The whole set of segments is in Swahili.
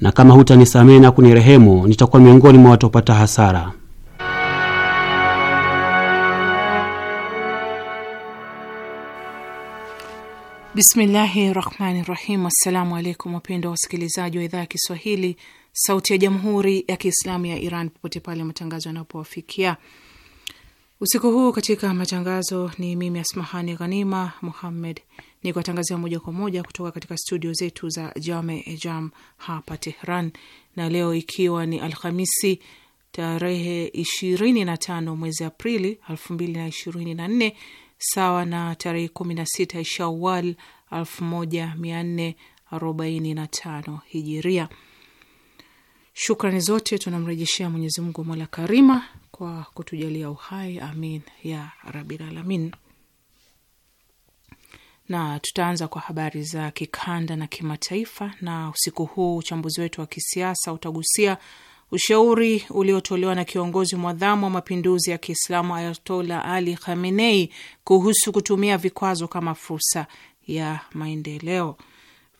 na kama hutanisamehe na kunirehemu nitakuwa miongoni mwa watopata hasara. Bismillahi rahmani rahim. Assalamu alaikum wapendwa wasikilizaji wa idhaa ya Kiswahili sauti ya jamhuri ya Kiislamu ya Iran popote pale matangazo yanapowafikia usiku huu. Katika matangazo ni mimi Asmahani Ghanima Muhammed ni kuwatangazia moja kwa moja kutoka katika studio zetu za Jame Jam hapa Tehran, na leo ikiwa ni Alhamisi tarehe 25 mwezi Aprili 2024 sawa na tarehe 16 Shawal 1445 Hijiria. Shukrani zote tunamrejeshea Mwenyezi Mungu mola karima kwa kutujalia uhai, amin ya rabbil alamin na tutaanza kwa habari za kikanda na kimataifa. Na usiku huu uchambuzi wetu wa kisiasa utagusia ushauri uliotolewa na kiongozi mwadhamu wa mapinduzi ya Kiislamu Ayatola Ali Khamenei kuhusu kutumia vikwazo kama fursa ya maendeleo.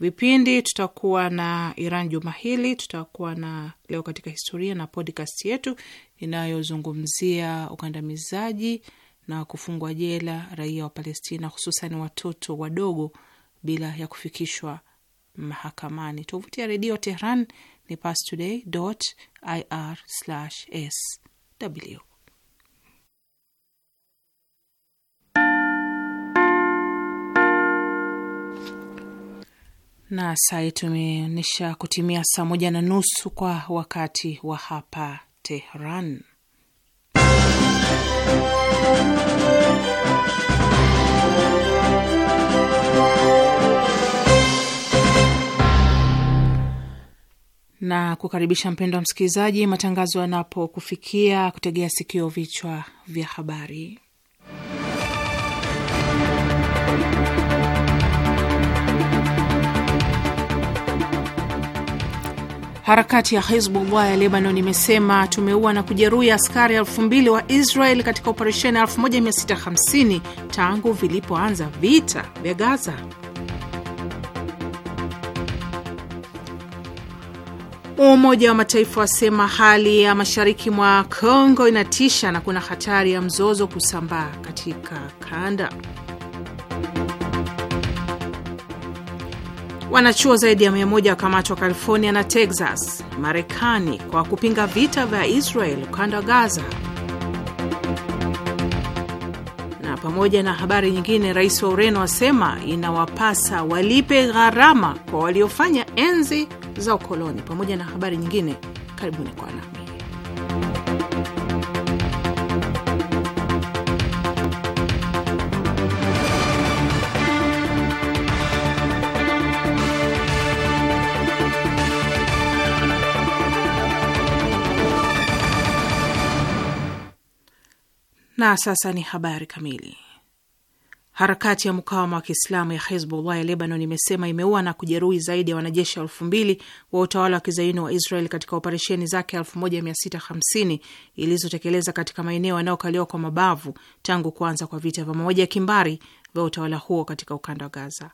Vipindi tutakuwa na Iran juma hili, tutakuwa na leo katika historia na podcast yetu inayozungumzia ukandamizaji na kufungwa jela raia wa Palestina, hususan watoto wadogo bila ya kufikishwa mahakamani. Tovuti ya redio Tehran ni pastoday.ir/sw. Na saa yetu imeonyesha kutimia saa moja na nusu kwa wakati wa hapa Tehran na kukaribisha mpendo wa msikilizaji, matangazo yanapokufikia kutegea sikio, vichwa vya habari. Harakati ya Hezbollah ya Lebanon imesema tumeua na kujeruhi askari elfu mbili wa Israel katika operesheni 1650 tangu vilipoanza vita vya Gaza. Umoja wa Mataifa wasema hali ya mashariki mwa Kongo inatisha na kuna hatari ya mzozo kusambaa katika kanda. Wanachuo zaidi ya 100 wakamatwa California na Texas, Marekani kwa kupinga vita vya Israel ukanda wa Gaza. Na pamoja na habari nyingine, rais wa Ureno asema inawapasa walipe gharama kwa waliofanya enzi za ukoloni, pamoja na habari nyingine. Karibuni kwa na Na sasa ni habari kamili. Harakati ya mkawama wa Kiislamu ya Hezbollah ya Lebanon imesema imeua na kujeruhi zaidi ya wanajeshi elfu mbili wa utawala wa kizaini wa Israel katika operesheni zake 1650 ilizotekeleza katika maeneo yanayokaliwa kwa mabavu tangu kuanza kwa vita vya mauaji ya kimbari vya utawala huo katika ukanda wa Gaza.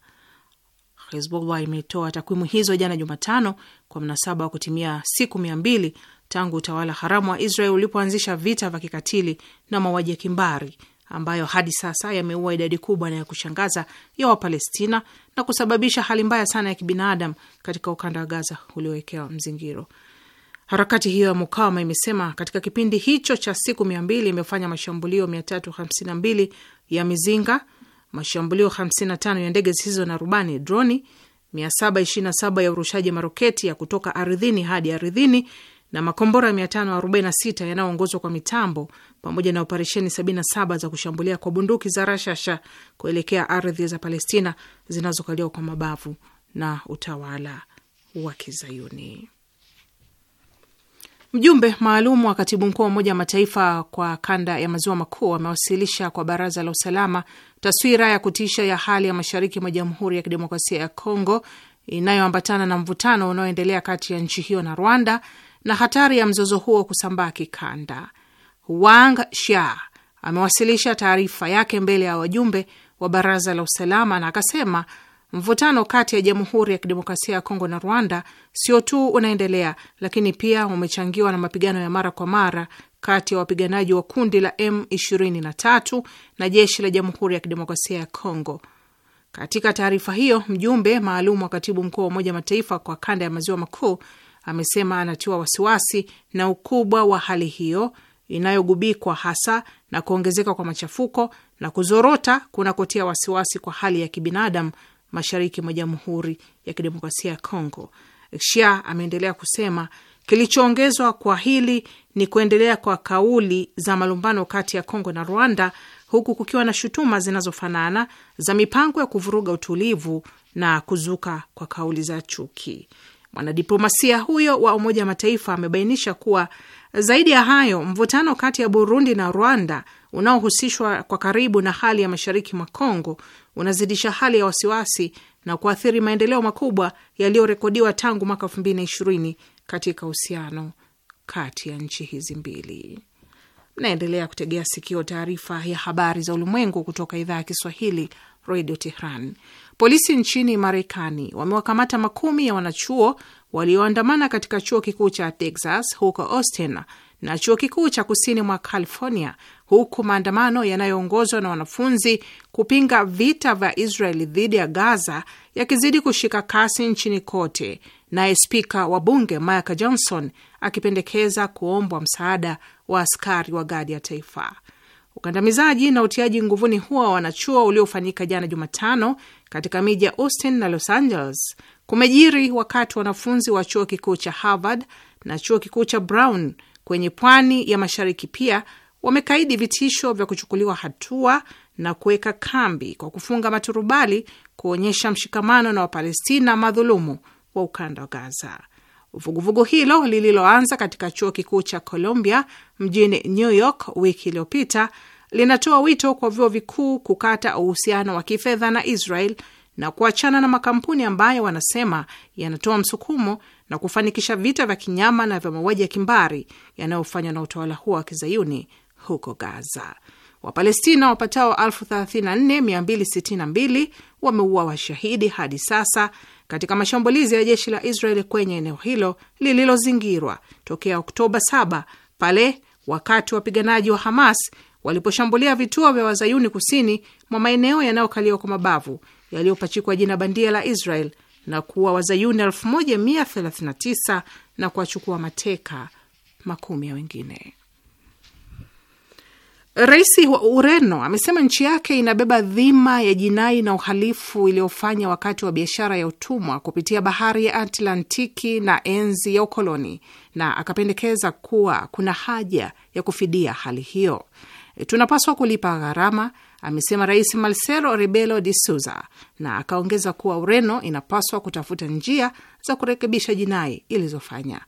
Hezbollah imetoa takwimu hizo jana Jumatano kwa mnasaba wa kutimia siku mia mbili tangu utawala haramu wa Israel ulipoanzisha vita vya kikatili na mauaji ya kimbari ambayo hadi sasa yameua idadi kubwa na ya kushangaza ya Wapalestina na kusababisha hali mbaya sana ya kibinadamu katika ukanda wa Gaza uliowekewa mzingiro. Harakati hiyo ya mukawama imesema katika kipindi hicho cha siku mia mbili imefanya mashambulio mbili ya mizinga, mashambulio 55 ya ndege zisizo na rubani droni, 727 ya urushaji maroketi ya kutoka ardhini hadi ardhini na makombora 546 yanayoongozwa kwa mitambo pamoja na operesheni 77 za kushambulia kwa bunduki za rashasha kuelekea ardhi za Palestina zinazokaliwa kwa mabavu na utawala wa Kizayuni. Mjumbe maalum wa katibu mkuu wa Umoja wa Mataifa kwa kanda ya maziwa makuu amewasilisha kwa Baraza la Usalama taswira ya kutisha ya hali ya mashariki mwa Jamhuri ya Kidemokrasia ya Kongo inayoambatana na mvutano unaoendelea kati ya nchi hiyo na Rwanda na hatari ya mzozo huo kusambaa kikanda. Wang Sha amewasilisha taarifa yake mbele ya wajumbe wa baraza la usalama na akasema mvutano kati ya Jamhuri ya Kidemokrasia ya Kongo na Rwanda sio tu unaendelea, lakini pia umechangiwa na mapigano ya mara kwa mara kati ya wapiganaji wa kundi la M23 na jeshi la Jamhuri ya Kidemokrasia ya Kongo. Katika taarifa hiyo, mjumbe maalum wa katibu mkuu wa Umoja Mataifa kwa kanda ya maziwa makuu amesema anatiwa wasiwasi na ukubwa wa hali hiyo inayogubikwa hasa na kuongezeka kwa machafuko na kuzorota kunakotia wasiwasi kwa hali ya kibinadamu mashariki mwa Jamhuri ya Kidemokrasia ya Kongo. Shia ameendelea kusema kilichoongezwa kwa hili ni kuendelea kwa kauli za malumbano kati ya Kongo na Rwanda, huku kukiwa na shutuma zinazofanana za mipango ya kuvuruga utulivu na kuzuka kwa kauli za chuki. Mwanadiplomasia huyo wa Umoja wa Mataifa amebainisha kuwa zaidi ya hayo, mvutano kati ya Burundi na Rwanda unaohusishwa kwa karibu na hali ya mashariki mwa Kongo unazidisha hali ya wasiwasi na kuathiri maendeleo makubwa yaliyorekodiwa tangu mwaka 2020 katika uhusiano kati ya nchi hizi mbili. Mnaendelea kutegea sikio taarifa ya habari za ulimwengu kutoka idhaa ya Kiswahili, redio Tehran. Polisi nchini Marekani wamewakamata makumi ya wanachuo walioandamana katika chuo kikuu cha Texas huko Austin na chuo kikuu cha kusini mwa California, huku maandamano yanayoongozwa na wanafunzi kupinga vita vya Israeli dhidi ya Gaza yakizidi kushika kasi nchini kote naye spika wa bunge Mike Johnson akipendekeza kuombwa msaada wa askari wa gadi ya taifa. Ukandamizaji na utiaji nguvuni huo wa wanachuo uliofanyika jana Jumatano katika miji ya Austin na Los Angeles kumejiri wakati wanafunzi wa chuo kikuu cha Harvard na chuo kikuu cha Brown kwenye pwani ya mashariki pia wamekaidi vitisho vya kuchukuliwa hatua na kuweka kambi kwa kufunga maturubali kuonyesha mshikamano na Wapalestina madhulumu wa ukanda wa Gaza. Vuguvugu hilo lililoanza katika chuo kikuu cha Columbia mjini New York wiki iliyopita linatoa wito kwa vyuo vikuu kukata uhusiano wa kifedha na Israel na kuachana na makampuni ambayo wanasema yanatoa msukumo na kufanikisha vita vya kinyama na vya mauaji ya kimbari yanayofanywa na utawala huo wa kizayuni huko Gaza. Wapalestina wapatao 34262 wameuawa washahidi hadi sasa katika mashambulizi ya jeshi la israel kwenye eneo hilo lililozingirwa tokea Oktoba 7 pale wakati wapiganaji wa Hamas waliposhambulia vituo vya wazayuni kusini mwa maeneo yanayokaliwa kwa mabavu yaliyopachikwa jina bandia la Israel na kuwa wazayuni 1139 na kuwachukua mateka makumi ya wengine. Rais wa Ureno amesema nchi yake inabeba dhima ya jinai na uhalifu iliyofanya wakati wa biashara ya utumwa kupitia bahari ya Atlantiki na enzi ya ukoloni, na akapendekeza kuwa kuna haja ya kufidia hali hiyo. Tunapaswa kulipa gharama, amesema Rais Marcelo Rebelo de Souza, na akaongeza kuwa Ureno inapaswa kutafuta njia za kurekebisha jinai ilizofanya.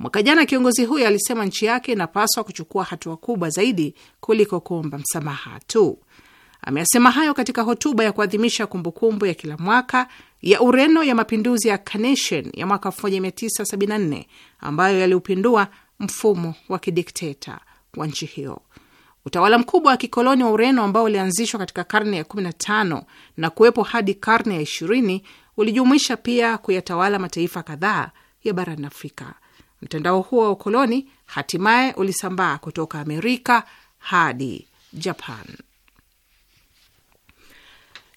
Mwaka jana kiongozi huyo alisema nchi yake inapaswa kuchukua hatua kubwa zaidi kuliko kuomba msamaha tu. Ameyasema hayo katika hotuba ya kuadhimisha kumbukumbu ya kila mwaka ya Ureno ya mapinduzi ya Carnation ya mwaka 1974 ambayo yaliupindua mfumo wa kidikteta wa nchi hiyo. Utawala mkubwa wa kikoloni wa Ureno ambao ulianzishwa katika karne ya 15 na kuwepo hadi karne ya 20 ulijumuisha pia kuyatawala mataifa kadhaa ya barani Afrika. Mtandao huo wa ukoloni hatimaye ulisambaa kutoka Amerika hadi Japan.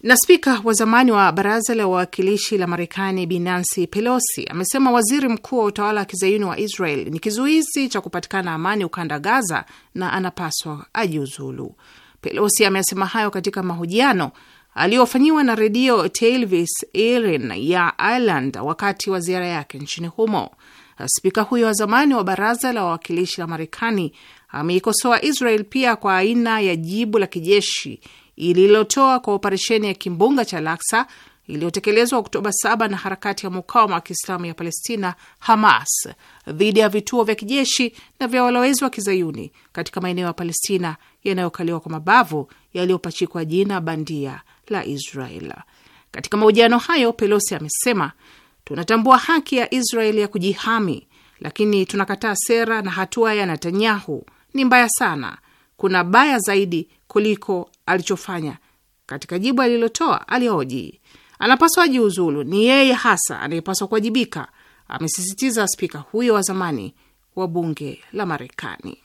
Na spika wa zamani wa baraza la wawakilishi la Marekani Bi Nancy Pelosi amesema waziri mkuu wa utawala wa kizayuni wa Israel ni kizuizi cha kupatikana amani ukanda Gaza na anapaswa ajiuzulu. Pelosi amesema hayo katika mahojiano aliyofanyiwa na redio Telvis Irin ya Ireland wakati wa ziara yake nchini humo. Spika huyo wa zamani wa baraza la wawakilishi la Marekani ameikosoa Israel pia kwa aina ya jibu la kijeshi ililotoa kwa operesheni ya kimbunga cha Laksa iliyotekelezwa Oktoba 7 na harakati ya mukawama wa kiislamu ya Palestina, Hamas, dhidi ya vituo vya kijeshi na vya walowezi wa kizayuni katika maeneo ya Palestina yanayokaliwa kwa mabavu yaliyopachikwa jina bandia la Israel. Katika mahojiano hayo, Pelosi amesema Tunatambua haki ya Israeli ya kujihami, lakini tunakataa sera na hatua ya Netanyahu. Ni mbaya sana, kuna baya zaidi kuliko alichofanya. Katika jibu alilotoa alioji anapaswa ajiuzulu, ni yeye hasa anayepaswa kuwajibika, amesisitiza spika huyo wa zamani wa bunge la Marekani.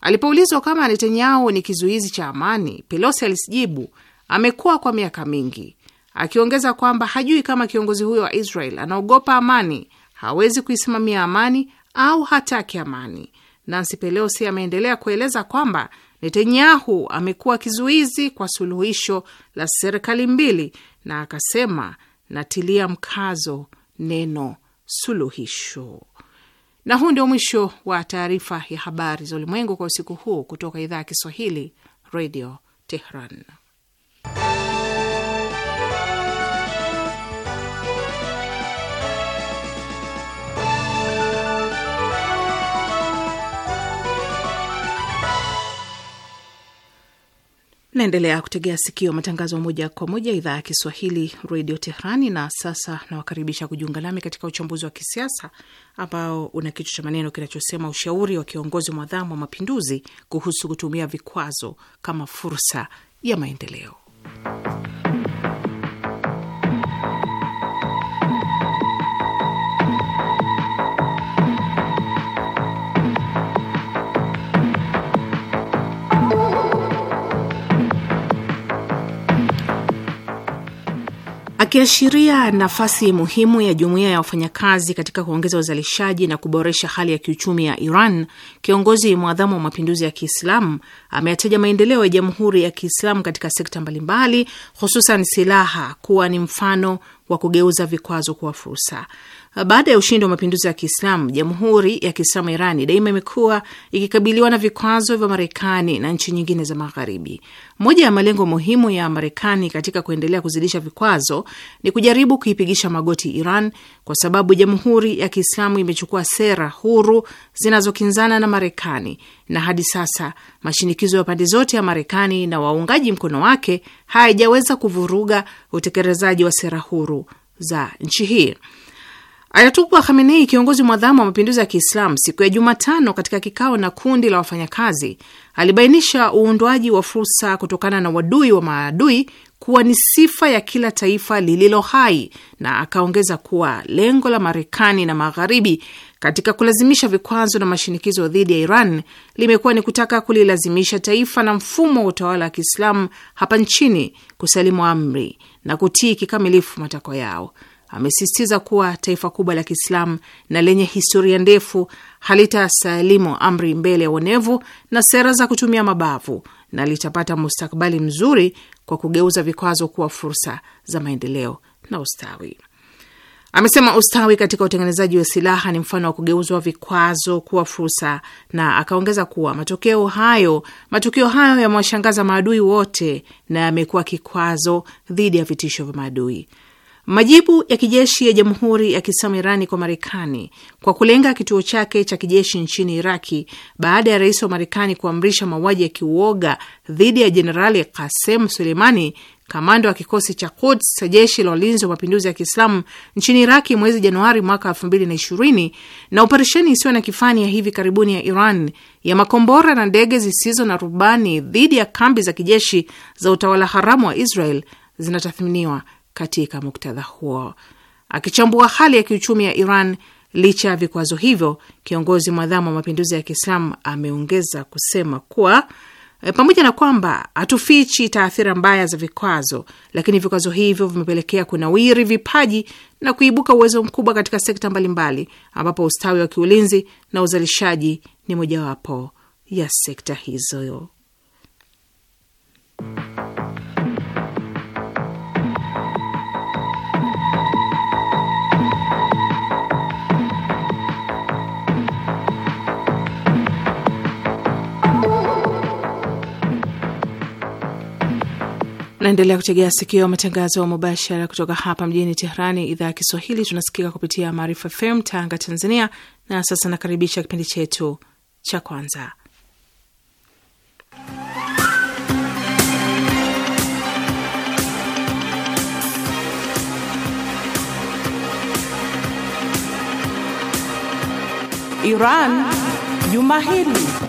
Alipoulizwa kama Netanyahu ni kizuizi cha amani, Pelosi alisijibu, amekuwa kwa miaka mingi akiongeza kwamba hajui kama kiongozi huyo wa Israel anaogopa amani, hawezi kuisimamia amani au hataki amani. Nancy Pelosi ameendelea kueleza kwamba Netanyahu amekuwa kizuizi kwa suluhisho la serikali mbili, na akasema natilia mkazo neno suluhisho. Na huu ndio mwisho wa taarifa ya habari za ulimwengu kwa usiku huu kutoka idhaa ya Kiswahili, Radio Tehran. Naendelea kutegea sikio matangazo moja kwa moja idhaa ya Kiswahili redio Tehrani. Na sasa nawakaribisha kujiunga nami katika uchambuzi wa kisiasa ambao una kichwa cha maneno kinachosema ushauri wa kiongozi mwadhamu wa mapinduzi kuhusu kutumia vikwazo kama fursa ya maendeleo. Akiashiria nafasi muhimu ya jumuiya ya wafanyakazi katika kuongeza uzalishaji na kuboresha hali ya kiuchumi ya Iran, kiongozi mwadhamu wa mapinduzi ya Kiislamu ameyataja maendeleo ya Jamhuri ya Kiislamu katika sekta mbalimbali, hususan silaha, kuwa ni mfano wa kugeuza vikwazo kuwa fursa. Baada ya ushindi wa mapinduzi ya Kiislamu, jamhuri ya Kiislamu Irani daima imekuwa ikikabiliwa na vikwazo vya Marekani na nchi nyingine za Magharibi. Moja ya malengo muhimu ya Marekani katika kuendelea kuzidisha vikwazo ni kujaribu kuipigisha magoti Iran, kwa sababu jamhuri ya Kiislamu imechukua sera huru zinazokinzana na Marekani, na hadi sasa mashinikizo ya pande zote ya Marekani na waungaji mkono wake hayajaweza kuvuruga utekelezaji wa sera huru za nchi hii. Ayatullah Khamenei, kiongozi mwadhamu wa mapinduzi ya Kiislamu, siku ya Jumatano katika kikao na kundi la wafanyakazi alibainisha uundwaji wa fursa kutokana na wadui wa maadui kuwa ni sifa ya kila taifa lililo hai, na akaongeza kuwa lengo la Marekani na Magharibi katika kulazimisha vikwazo na mashinikizo dhidi ya Iran limekuwa ni kutaka kulilazimisha taifa na mfumo wa utawala wa Kiislamu hapa nchini kusalimu amri na kutii kikamilifu matakwa yao amesisitiza kuwa taifa kubwa la Kiislamu na lenye historia ndefu halitasalimu amri mbele ya uonevu na sera za kutumia mabavu na litapata mustakbali mzuri kwa kugeuza vikwazo kuwa fursa za maendeleo na ustawi. Amesema ustawi katika utengenezaji wa silaha ni mfano wa kugeuzwa vikwazo kuwa fursa, na akaongeza kuwa matokeo hayo matukio hayo yamewashangaza maadui wote na yamekuwa kikwazo dhidi ya vitisho vya maadui. Majibu ya kijeshi ya Jamhuri ya Kiislamu Irani kwa Marekani kwa kulenga kituo chake cha kijeshi nchini Iraki baada ya rais wa Marekani kuamrisha mauaji ya kiuoga dhidi ya Jenerali Kasem Suleimani, kamanda wa kikosi cha Quds cha jeshi la ulinzi wa mapinduzi ya Kiislamu nchini Iraki mwezi Januari mwaka 2020 na operesheni isiyo na kifani ya hivi karibuni ya Iran ya makombora na ndege zisizo na rubani dhidi ya kambi za kijeshi za utawala haramu wa Israel zinatathminiwa katika muktadha huo. Akichambua hali ya kiuchumi ya Iran licha ya vikwazo hivyo, kiongozi mwadhamu wa mapinduzi ya Kiislamu ameongeza kusema kuwa e, pamoja na kwamba hatufichi taathira mbaya za vikwazo, lakini vikwazo hivyo vimepelekea kunawiri vipaji na kuibuka uwezo mkubwa katika sekta mbalimbali, ambapo ustawi wa kiulinzi na uzalishaji ni mojawapo ya sekta hizo. Naendelea kutegea sikio matangazo ya mubashara kutoka hapa mjini Tehrani, idhaa ya Kiswahili. Tunasikika kupitia Maarifa FM Tanga, Tanzania. Na sasa nakaribisha kipindi chetu cha kwanza, Iran Juma Hili.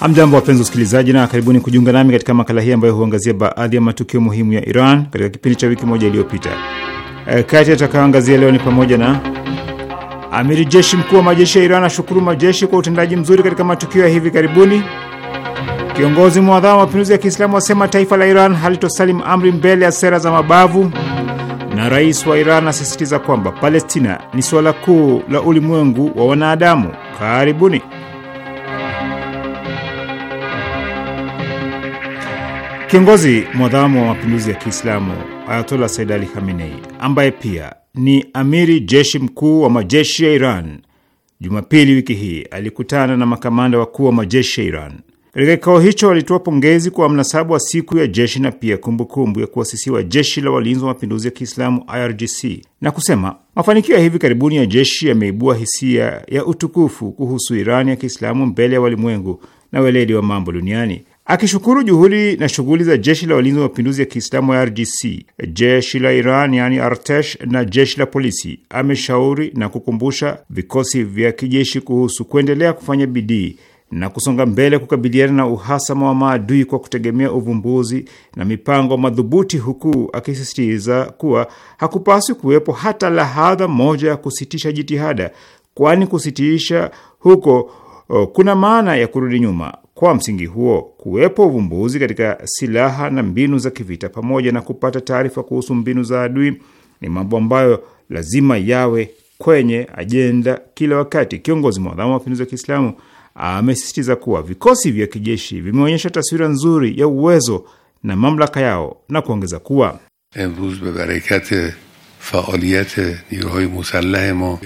Amjambo, wapenzi wasikilizaji, na karibuni kujiunga nami katika makala hii ambayo huangazia baadhi ya matukio muhimu ya Iran katika kipindi cha wiki moja iliyopita. E, kati atakayoangazia leo ni pamoja na amiri jeshi mkuu wa majeshi ya Iran ashukuru majeshi kwa utendaji mzuri katika matukio ya hivi karibuni, kiongozi mwadhamu wa mapinduzi ya Kiislamu asema taifa la Iran halitosalim amri mbele ya sera za mabavu, na rais wa Iran asisitiza kwamba Palestina ni suala kuu la ulimwengu wa wanadamu. Karibuni. Kiongozi mwadhamu wa mapinduzi ya Kiislamu Ayatola Said Ali Khamenei, ambaye pia ni amiri jeshi mkuu wa majeshi ya Iran, Jumapili wiki hii alikutana na makamanda wakuu wa majeshi ya Iran. Katika kikao hicho walitoa pongezi kwa mnasabu wa siku ya jeshi na pia kumbukumbu kumbu ya kuasisiwa jeshi la walinzi wa mapinduzi ya Kiislamu IRGC na kusema mafanikio ya hivi karibuni ya jeshi yameibua hisia ya utukufu kuhusu Irani ya Kiislamu mbele ya walimwengu na weledi wa mambo duniani. Akishukuru juhudi na shughuli za jeshi la walinzi wa mapinduzi ya Kiislamu ya RGC, jeshi la Iran yani Artesh na jeshi la polisi, ameshauri na kukumbusha vikosi vya kijeshi kuhusu kuendelea kufanya bidii na kusonga mbele kukabiliana na uhasama wa maadui kwa kutegemea uvumbuzi na mipango madhubuti, huku akisisitiza kuwa hakupaswi kuwepo hata lahadha moja ya kusitisha jitihada, kwani kusitisha huko Oh, kuna maana ya kurudi nyuma. Kwa msingi huo, kuwepo uvumbuzi katika silaha na mbinu za kivita pamoja na kupata taarifa kuhusu mbinu za adui ni mambo ambayo lazima yawe kwenye ajenda kila wakati. Kiongozi mwadhamu wa mapinduzi ya Kiislamu amesisitiza kuwa vikosi vya kijeshi vimeonyesha taswira nzuri ya uwezo na mamlaka yao na kuongeza kuwa be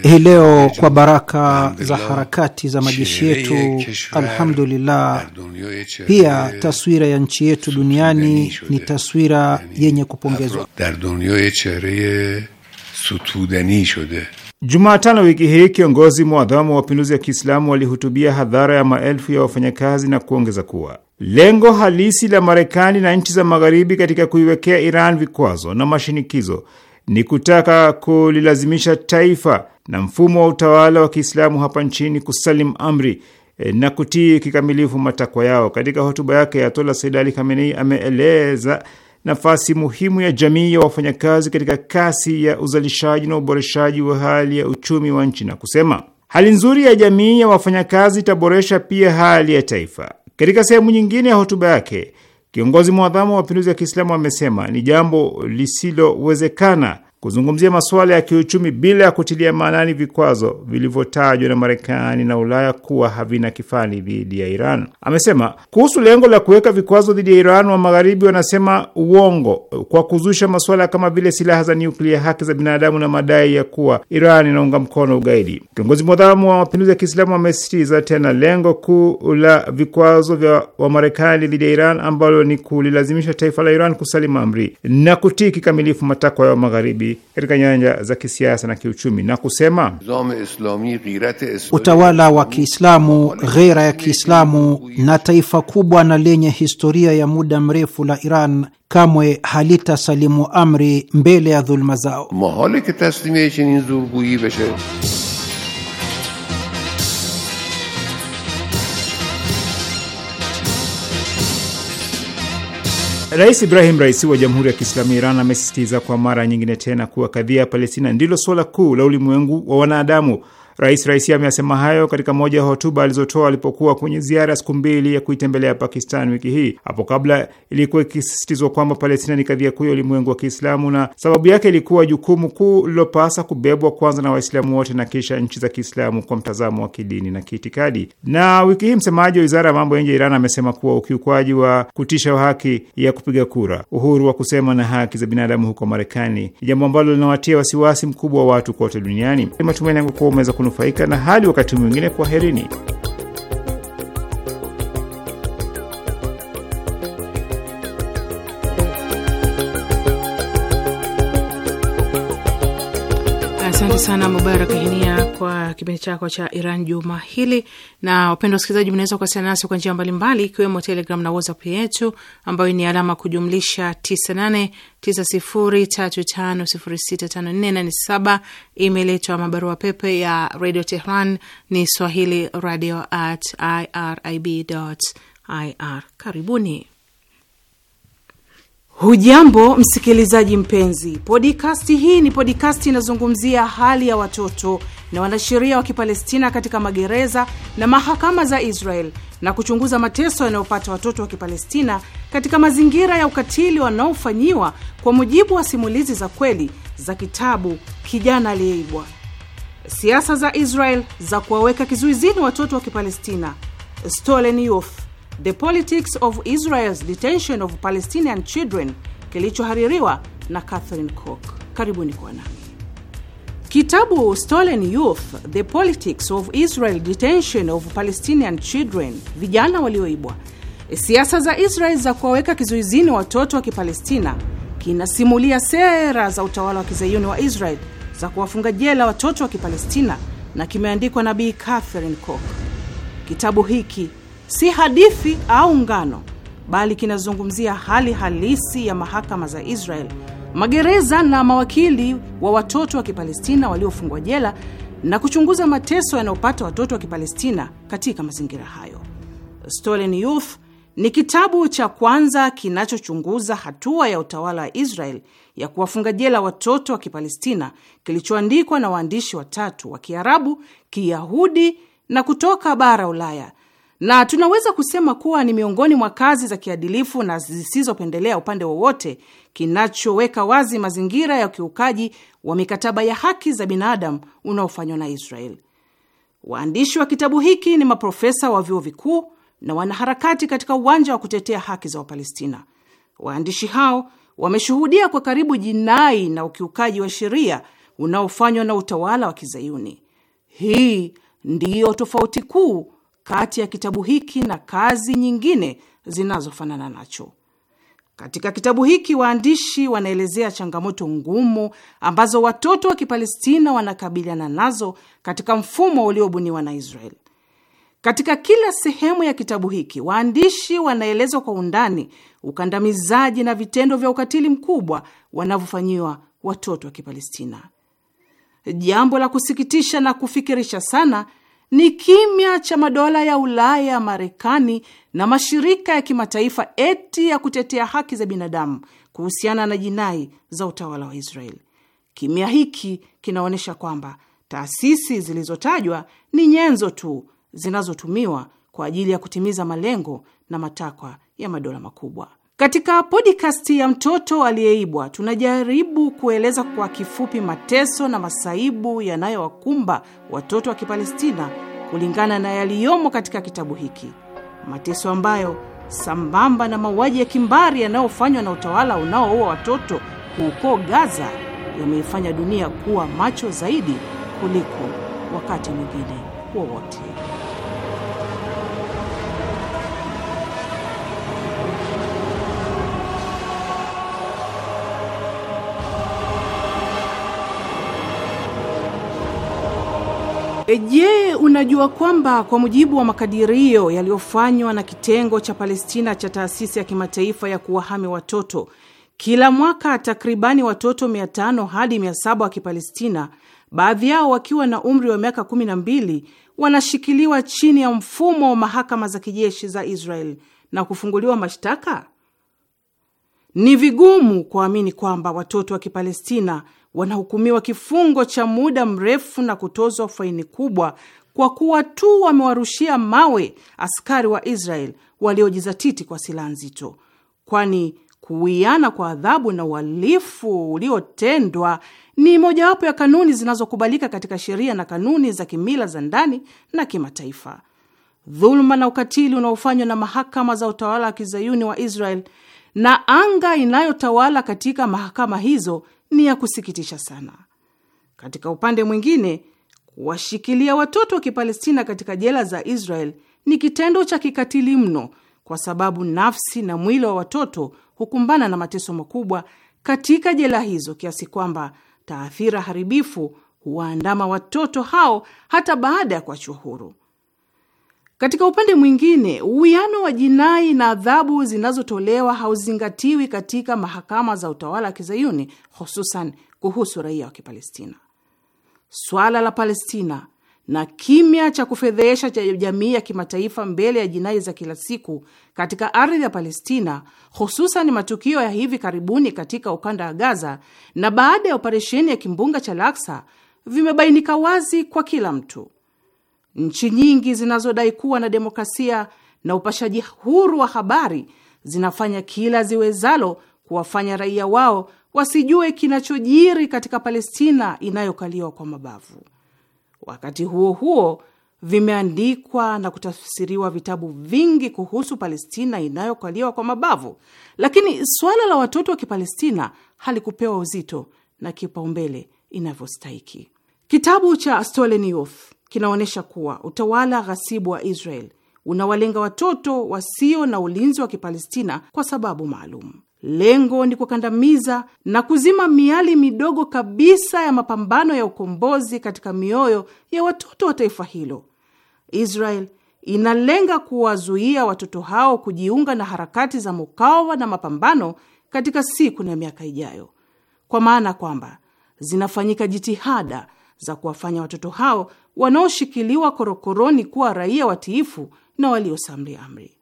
hii leo kwa baraka za harakati za majeshi yetu, alhamdulillah, pia taswira ya nchi yetu duniani ni taswira yenye kupongezwa. Jumatano wiki hii kiongozi mwadhamu wa mapinduzi ya Kiislamu walihutubia hadhara ya maelfu ya wafanyakazi na kuongeza kuwa lengo halisi la Marekani na nchi za Magharibi katika kuiwekea Iran vikwazo na mashinikizo ni kutaka kulilazimisha taifa na mfumo wa utawala wa Kiislamu hapa nchini kusalim amri eh, na kutii kikamilifu matakwa yao. Katika hotuba yake, Ayatollah Said Ali Khamenei ameeleza nafasi muhimu ya jamii ya wafanyakazi katika kasi ya uzalishaji na uboreshaji wa hali ya uchumi wa nchi na kusema hali nzuri ya jamii ya wafanyakazi itaboresha pia hali ya taifa. Katika sehemu nyingine ya hotuba yake Kiongozi mwadhamu wa mapinduzi ya Kiislamu amesema ni jambo lisilowezekana kuzungumzia masuala ya kiuchumi bila ya kutilia maanani vikwazo vilivyotajwa na Marekani na Ulaya kuwa havina kifani dhidi ya Iran. Amesema kuhusu lengo la kuweka vikwazo dhidi ya Iran, wa Magharibi wanasema uongo kwa kuzusha masuala kama vile silaha za nyuklia, haki za binadamu na madai ya kuwa Iran inaunga mkono ugaidi. Kiongozi mwadhamu wa mapinduzi ya Kiislamu amesitiza tena lengo kuu la vikwazo vya Wamarekani dhidi ya Iran ambalo ni kulilazimisha taifa la Iran kusalima amri na kutii kikamilifu matakwa ya Magharibi katika nyanja za kisiasa na kiuchumi na kusema, utawala wa Kiislamu, ghera ya Kiislamu na taifa kubwa na lenye historia ya muda mrefu la Iran kamwe halitasalimu amri mbele ya dhuluma zao. Rais Ibrahim Raisi wa Jamhuri ya Kiislamu ya Iran amesisitiza kwa mara nyingine tena kuwa kadhia ya Palestina ndilo suala kuu la ulimwengu wa wanadamu Rais Raisi amesema hayo katika moja ya hotuba alizotoa alipokuwa kwenye ziara siku mbili ya kuitembelea Pakistan wiki hii. Hapo kabla ilikuwa ikisisitizwa kwamba Palestina ni kadhia kuu ya ulimwengu wa Kiislamu na sababu yake ilikuwa jukumu kuu lilopasa kubebwa kwanza na Waislamu wote na kisha nchi za Kiislamu kwa mtazamo wa kidini na kiitikadi. Na wiki hii msemaji wa wizara ya mambo ya nje ya Iran amesema kuwa ukiukwaji wa kutisha wa haki ya kupiga kura, uhuru wa kusema na haki za binadamu huko Marekani, jambo ambalo linawatia wasiwasi mkubwa wa watu kote duniani. Matumaini yangu kuwa umeweza kunufaika na hali. wakati mwingine, kwaherini. Asante sana Mubarak kwa kipindi chako cha Iran juma hili. Na wapendwa wasikilizaji, mnaweza kuwasiliana nasi kwa njia mbalimbali, ikiwemo Telegram na WhatsApp yetu ambayo ni alama kujumlisha 989035065487. Email yetu mabarua pepe ya Radio Tehran ni swahili radio at irib ir. Karibuni. Hujambo msikilizaji mpenzi, podikasti hii ni podikasti inazungumzia hali ya watoto na wanasheria wa Kipalestina katika magereza na mahakama za Israel na kuchunguza mateso yanayopata watoto wa Kipalestina katika mazingira ya ukatili wanaofanyiwa, kwa mujibu wa simulizi za kweli za kitabu Kijana Aliyeibwa. Siasa za Israel za kuwaweka kizuizini watoto wa Kipalestina, Stolen Youth The Politics of Israel's Detention of Palestinian Children kilichohaririwa na Catherine Cook. Karibuni kuwa nami. Kitabu Stolen Youth: The Politics of Israel Detention of Palestinian Children, vijana walioibwa, siasa za Israel za kuwaweka kizuizini watoto wa Kipalestina, kinasimulia sera za utawala wa kizayuni wa Israel za kuwafunga jela watoto wa Kipalestina na kimeandikwa na Bi Catherine Cook. Kitabu hiki si hadithi au ngano, bali kinazungumzia hali halisi ya mahakama za Israel, magereza na mawakili wa watoto wa Kipalestina waliofungwa jela na kuchunguza mateso yanayopata watoto wa Kipalestina katika mazingira hayo. Stolen Youth ni kitabu cha kwanza kinachochunguza hatua ya utawala wa Israel ya kuwafunga jela watoto wa Kipalestina kilichoandikwa na waandishi watatu wa Kiarabu, Kiyahudi na kutoka bara Ulaya na tunaweza kusema kuwa ni miongoni mwa kazi za kiadilifu na zisizopendelea upande wowote, kinachoweka wazi mazingira ya ukiukaji wa mikataba ya haki za binadamu unaofanywa na Israel. Waandishi wa kitabu hiki ni maprofesa wa vyuo vikuu na wanaharakati katika uwanja wa kutetea haki za Wapalestina. Waandishi hao wameshuhudia kwa karibu jinai na ukiukaji wa sheria unaofanywa na utawala wa Kizayuni. Hii ndiyo tofauti kuu kati ya kitabu hiki na kazi nyingine zinazofanana nacho. Katika kitabu hiki waandishi wanaelezea changamoto ngumu ambazo watoto wa Kipalestina wanakabiliana nazo katika mfumo uliobuniwa na israel Katika kila sehemu ya kitabu hiki waandishi wanaelezwa kwa undani ukandamizaji na vitendo vya ukatili mkubwa wanavyofanyiwa watoto wa Kipalestina. Jambo la kusikitisha na kufikirisha sana ni kimya cha madola ya Ulaya, Marekani na mashirika ya kimataifa eti ya kutetea haki za binadamu kuhusiana na jinai za utawala wa israel Kimya hiki kinaonyesha kwamba taasisi zilizotajwa ni nyenzo tu zinazotumiwa kwa ajili ya kutimiza malengo na matakwa ya madola makubwa. Katika podikasti ya mtoto aliyeibwa tunajaribu kueleza kwa kifupi mateso na masaibu yanayowakumba watoto wa Kipalestina kulingana na yaliyomo katika kitabu hiki, mateso ambayo sambamba na mauaji ya kimbari yanayofanywa na utawala unaoua watoto huko Gaza yameifanya dunia kuwa macho zaidi kuliko wakati mwingine wowote. E, je, unajua kwamba kwa mujibu wa makadirio yaliyofanywa na kitengo cha Palestina cha taasisi ya kimataifa ya kuwahami watoto, kila mwaka takribani watoto 500 hadi 700 wa Kipalestina, baadhi yao wakiwa na umri wa miaka 12, wanashikiliwa chini ya mfumo wa mahakama za kijeshi za Israel na kufunguliwa mashtaka? Ni vigumu kuamini kwamba watoto wa Kipalestina wanahukumiwa kifungo cha muda mrefu na kutozwa faini kubwa kwa kuwa tu wamewarushia mawe askari wa Israel waliojizatiti kwa silaha nzito, kwani kuwiana kwa adhabu na uhalifu uliotendwa ni mojawapo ya kanuni zinazokubalika katika sheria na kanuni za kimila za ndani na kimataifa. Dhuluma na ukatili unaofanywa na mahakama za utawala wa kizayuni wa Israel na anga inayotawala katika mahakama hizo ni ya kusikitisha sana. Katika upande mwingine, kuwashikilia watoto wa Kipalestina katika jela za Israel ni kitendo cha kikatili mno, kwa sababu nafsi na mwili wa watoto hukumbana na mateso makubwa katika jela hizo, kiasi kwamba taathira haribifu huwaandama watoto hao hata baada ya kuachiwa huru. Katika upande mwingine, uwiano wa jinai na adhabu zinazotolewa hauzingatiwi katika mahakama za utawala wa Kizayuni, hususan kuhusu raia wa Kipalestina. Swala la Palestina na kimya cha kufedhehesha cha jamii ya kimataifa mbele ya jinai za kila siku katika ardhi ya Palestina, hususan matukio ya hivi karibuni katika ukanda wa Gaza na baada ya operesheni ya kimbunga cha Laksa, vimebainika wazi kwa kila mtu Nchi nyingi zinazodai kuwa na demokrasia na upashaji huru wa habari zinafanya kila ziwezalo kuwafanya raia wao wasijue kinachojiri katika Palestina inayokaliwa kwa mabavu. Wakati huo huo, vimeandikwa na kutafsiriwa vitabu vingi kuhusu Palestina inayokaliwa kwa mabavu, lakini suala la watoto wa Kipalestina halikupewa uzito na kipaumbele inavyostahiki. Kitabu cha Stolen Youth kinaonyesha kuwa utawala ghasibu wa Israel unawalenga watoto wasio na ulinzi wa Kipalestina kwa sababu maalum. Lengo ni kukandamiza na kuzima miali midogo kabisa ya mapambano ya ukombozi katika mioyo ya watoto wa taifa hilo. Israel inalenga kuwazuia watoto hao kujiunga na harakati za mukawa na mapambano katika siku na miaka ijayo, kwa maana kwamba zinafanyika jitihada za kuwafanya watoto hao wanaoshikiliwa korokoroni kuwa raia watiifu na waliosamri amri.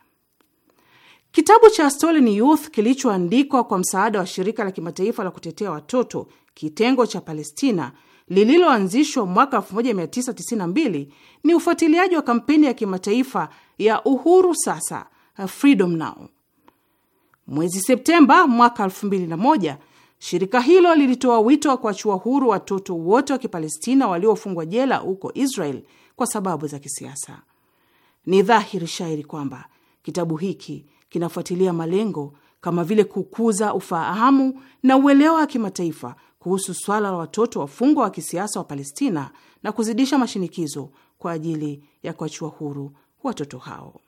Kitabu cha Stolen Youth kilichoandikwa kwa msaada wa shirika la kimataifa la kutetea watoto kitengo cha Palestina lililoanzishwa mwaka 1992 ni ufuatiliaji wa kampeni ya kimataifa ya uhuru sasa, Freedom Now. Mwezi Septemba mwaka 2001 Shirika hilo lilitoa wito wa kuachiwa huru watoto wote wa Kipalestina waliofungwa jela huko Israel kwa sababu za kisiasa. Ni dhahiri shairi kwamba kitabu hiki kinafuatilia malengo kama vile kukuza ufahamu na uelewa wa kimataifa kuhusu swala la watoto wafungwa wa kisiasa wa Palestina na kuzidisha mashinikizo kwa ajili ya kuachiwa huru watoto hao.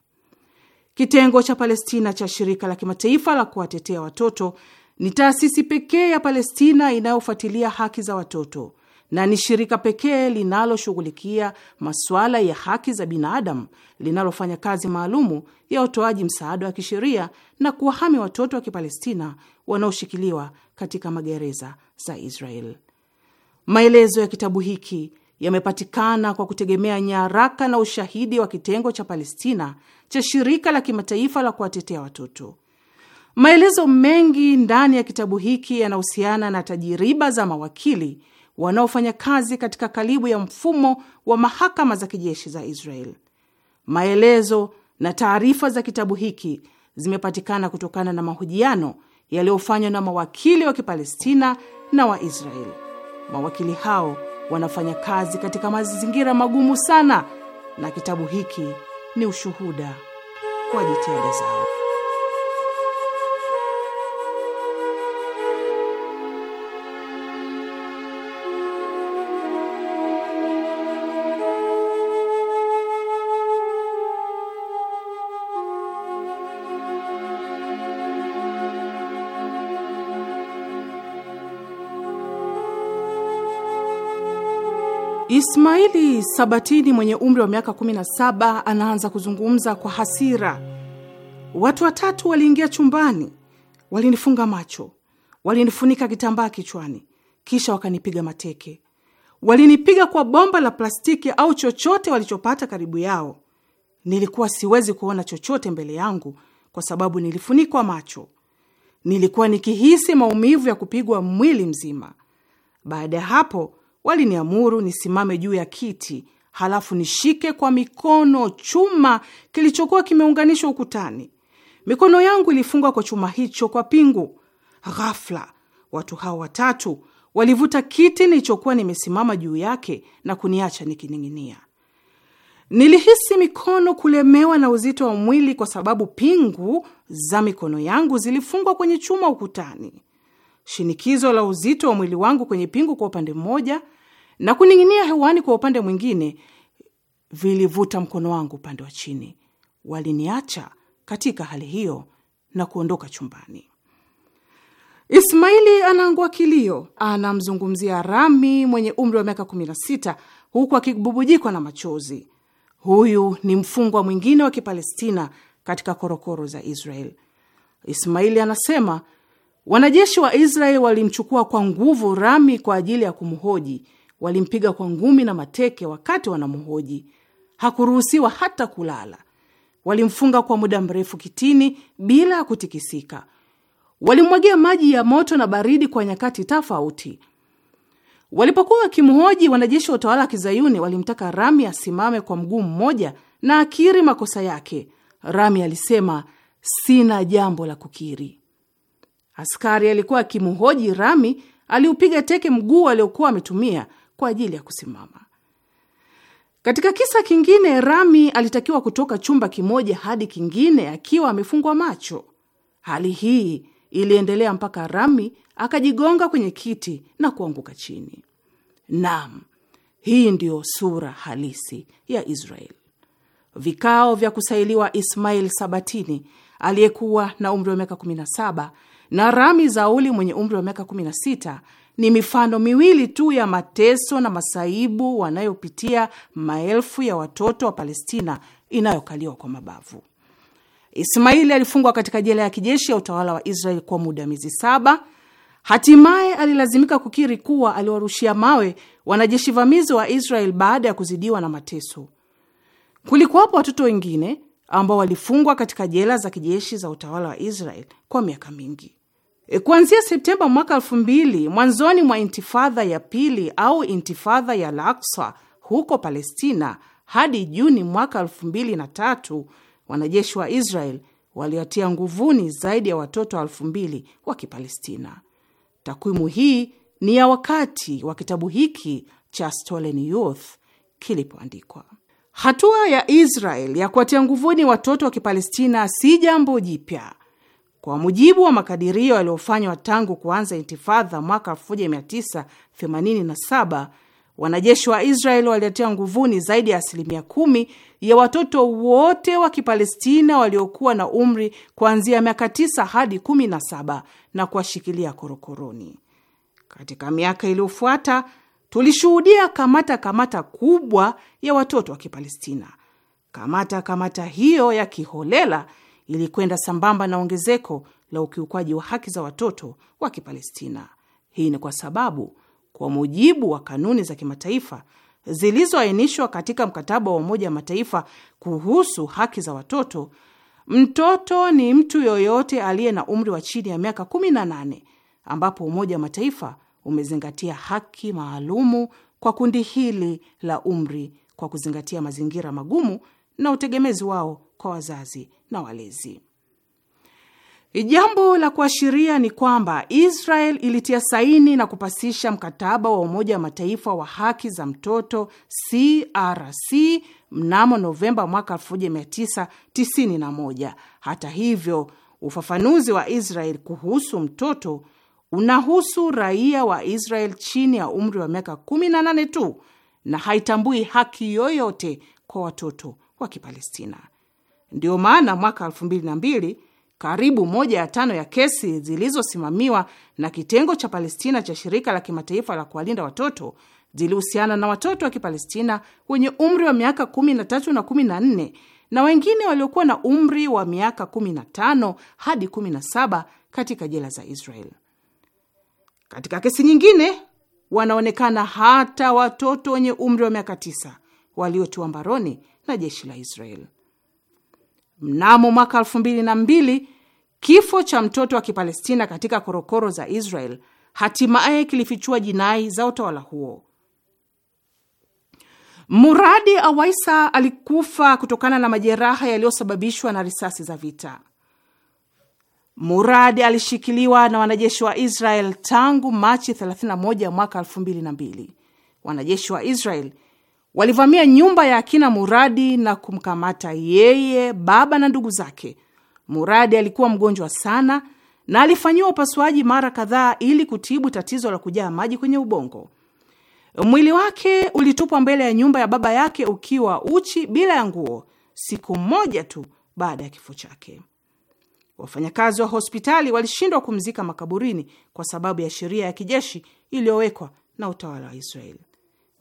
Kitengo cha Palestina cha shirika la kimataifa la kuwatetea watoto ni taasisi pekee ya Palestina inayofuatilia haki za watoto na ni shirika pekee linaloshughulikia masuala ya haki za binadamu linalofanya kazi maalumu ya utoaji msaada wa kisheria na kuwahami watoto wa Kipalestina wanaoshikiliwa katika magereza za Israel. Maelezo ya kitabu hiki yamepatikana kwa kutegemea nyaraka na ushahidi wa kitengo cha Palestina cha shirika la kimataifa la kuwatetea watoto. Maelezo mengi ndani ya kitabu hiki yanahusiana na tajiriba za mawakili wanaofanya kazi katika kalibu ya mfumo wa mahakama za kijeshi za Israel. Maelezo na taarifa za kitabu hiki zimepatikana kutokana na mahojiano yaliyofanywa na mawakili wa Kipalestina na waisrael Mawakili hao wanafanya kazi katika mazingira magumu sana, na kitabu hiki ni ushuhuda kwa jitihada zao. Ismaili Sabatini mwenye umri wa miaka 17 anaanza kuzungumza kwa hasira. Watu watatu waliingia chumbani, walinifunga macho, walinifunika kitambaa kichwani, kisha wakanipiga mateke. Walinipiga kwa bomba la plastiki au chochote walichopata karibu yao. Nilikuwa siwezi kuona chochote mbele yangu kwa sababu nilifunikwa macho. Nilikuwa nikihisi maumivu ya kupigwa mwili mzima. Baada ya hapo waliniamuru nisimame juu ya kiti, halafu nishike kwa mikono chuma kilichokuwa kimeunganishwa ukutani. Mikono yangu ilifungwa kwa chuma hicho kwa pingu. Ghafla watu hao watatu walivuta kiti nilichokuwa nimesimama juu yake na kuniacha nikining'inia. Nilihisi mikono kulemewa na uzito wa mwili kwa sababu pingu za mikono yangu zilifungwa kwenye chuma ukutani shinikizo la uzito wa mwili wangu kwenye pingu kwa upande mmoja na kuning'inia hewani kwa upande mwingine vilivuta mkono wangu upande wa chini. Waliniacha katika hali hiyo na kuondoka chumbani. Ismaili anaangua kilio, anamzungumzia Rami mwenye umri wa miaka 16 huku akibubujikwa na machozi. Huyu ni mfungwa mwingine wa Kipalestina katika korokoro za Israel. Ismaili anasema Wanajeshi wa Israeli walimchukua kwa nguvu Rami kwa ajili ya kumhoji. Walimpiga kwa ngumi na mateke wakati wanamhoji, hakuruhusiwa hata kulala. Walimfunga kwa muda mrefu kitini bila ya kutikisika. Walimwagia maji ya moto na baridi kwa nyakati tofauti. Walipokuwa wakimhoji, wanajeshi wa utawala wa kizayuni walimtaka Rami asimame kwa mguu mmoja na akiri makosa yake. Rami alisema, sina jambo la kukiri. Askari alikuwa akimhoji Rami, aliupiga teke mguu aliokuwa ametumia kwa ajili ya kusimama. Katika kisa kingine, Rami alitakiwa kutoka chumba kimoja hadi kingine akiwa amefungwa macho. Hali hii iliendelea mpaka Rami akajigonga kwenye kiti na kuanguka chini. Naam, hii ndiyo sura halisi ya israel Vikao vya kusailiwa Ismail Sabatini aliyekuwa na umri wa miaka 17 na Rami Zauli mwenye umri wa miaka 16 ni mifano miwili tu ya mateso na masaibu wanayopitia maelfu ya watoto wa Palestina inayokaliwa kwa mabavu. Ismaili alifungwa katika jela ya kijeshi ya utawala wa Israeli kwa muda miezi saba. Hatimaye alilazimika kukiri kuwa aliwarushia mawe wanajeshi vamizi wa Israeli baada ya kuzidiwa na mateso. Kulikuwapo watoto wengine ambao walifungwa katika jela za kijeshi za utawala wa Israeli kwa miaka mingi. E, kuanzia Septemba mwaka elfu mbili, mwanzoni mwa intifadha ya pili au intifadha ya Al-Aqsa huko Palestina hadi Juni mwaka elfu mbili na tatu, wanajeshi wa Israel waliwatia nguvuni zaidi ya watoto elfu mbili wa Kipalestina. Takwimu hii ni ya wakati wa kitabu hiki cha Stolen Youth kilipoandikwa. Hatua ya Israel ya kuwatia nguvuni watoto wa Kipalestina si jambo jipya kwa mujibu wa makadirio yaliyofanywa tangu kuanza intifadha mwaka 1987 wanajeshi wa Israeli waliotia nguvuni zaidi ya asilimia kumi ya watoto wote wa Kipalestina waliokuwa na umri kuanzia miaka 9 hadi 17 na kuwashikilia korokoroni. Katika miaka iliyofuata tulishuhudia kamata kamata kubwa ya watoto wa Kipalestina. Kamata kamata hiyo ya kiholela ili kwenda sambamba na ongezeko la ukiukwaji wa haki za watoto wa Kipalestina. Hii ni kwa sababu, kwa mujibu wa kanuni za kimataifa zilizoainishwa katika mkataba wa Umoja wa Mataifa kuhusu haki za watoto, mtoto ni mtu yoyote aliye na umri wa chini ya miaka 18, ambapo Umoja wa Mataifa umezingatia haki maalumu kwa kundi hili la umri kwa kuzingatia mazingira magumu na utegemezi wao kwa wazazi na walezi. Jambo la kuashiria ni kwamba Israel ilitia saini na kupasisha mkataba wa Umoja wa Mataifa wa haki za mtoto CRC mnamo Novemba mwaka 1991. Hata hivyo, ufafanuzi wa Israel kuhusu mtoto unahusu raia wa Israel chini ya umri wa miaka 18 tu na haitambui haki yoyote kwa watoto wa Kipalestina. Ndiyo maana mwaka mbili karibu moja ya tano ya kesi zilizosimamiwa na kitengo cha Palestina cha shirika la kimataifa la kuwalinda watoto zilihusiana na watoto wa Kipalestina wenye umri wa miaka 13 na 14 na wengine waliokuwa na umri wa miaka 15 hadi 17 katika jela za Israel. Katika kesi nyingine wanaonekana hata watoto wenye umri wa miaka 9 waliotiwa mbaroni na jeshi la Israel. Mnamo mwaka elfu mbili na mbili kifo cha mtoto wa Kipalestina katika korokoro za Israel hatimaye kilifichua jinai za utawala huo. Muradi Awaisa alikufa kutokana na majeraha yaliyosababishwa na risasi za vita. Muradi alishikiliwa na wanajeshi wa Israel tangu Machi 31 mwaka 2002. Wanajeshi wa Israel Walivamia nyumba ya akina Muradi na kumkamata yeye, baba na ndugu zake. Muradi alikuwa mgonjwa sana na alifanyiwa upasuaji mara kadhaa ili kutibu tatizo la kujaa maji kwenye ubongo. Mwili wake ulitupwa mbele ya nyumba ya baba yake ukiwa uchi, bila ya nguo, siku moja tu baada ya kifo chake. Wafanyakazi wa hospitali walishindwa kumzika makaburini kwa sababu ya sheria ya kijeshi iliyowekwa na utawala wa Israeli.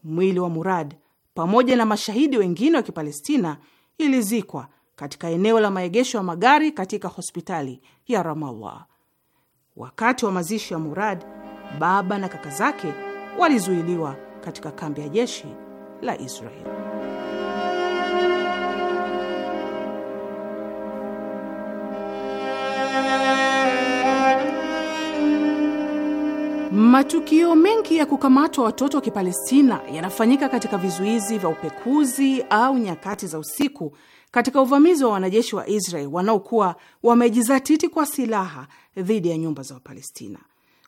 Mwili wa Murad pamoja na mashahidi wengine wa Kipalestina ilizikwa katika eneo la maegesho ya magari katika hospitali ya Ramallah. Wakati wa mazishi ya Murad, baba na kaka zake walizuiliwa katika kambi ya jeshi la Israeli. Matukio mengi ya kukamatwa watoto wa Kipalestina yanafanyika katika vizuizi vya upekuzi au nyakati za usiku katika uvamizi wa wanajeshi wa Israel wanaokuwa wamejizatiti kwa silaha dhidi ya nyumba za Wapalestina.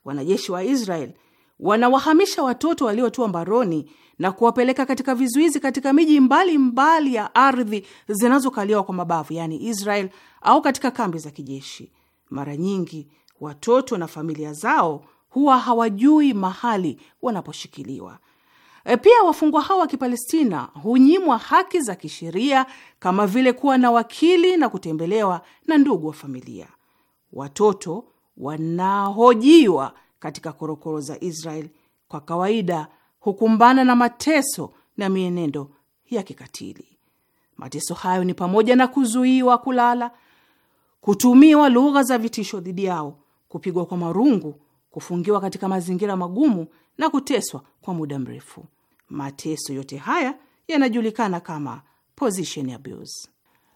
Wanajeshi wa Israel wanawahamisha watoto waliotua mbaroni na kuwapeleka katika vizuizi katika miji mbalimbali mbali ya ardhi zinazokaliwa kwa mabavu, yaani Israel, au katika kambi za kijeshi. Mara nyingi watoto na familia zao huwa hawajui mahali wanaposhikiliwa. E, pia wafungwa hao wa Kipalestina hunyimwa haki za kisheria kama vile kuwa na wakili na kutembelewa na ndugu wa familia. Watoto wanahojiwa katika korokoro za Israel kwa kawaida hukumbana na mateso na mienendo ya kikatili. Mateso hayo ni pamoja na kuzuiwa kulala, kutumiwa lugha za vitisho dhidi yao, kupigwa kwa marungu kufungiwa katika mazingira magumu na kuteswa kwa muda mrefu. Mateso yote haya yanajulikana kama position abuse.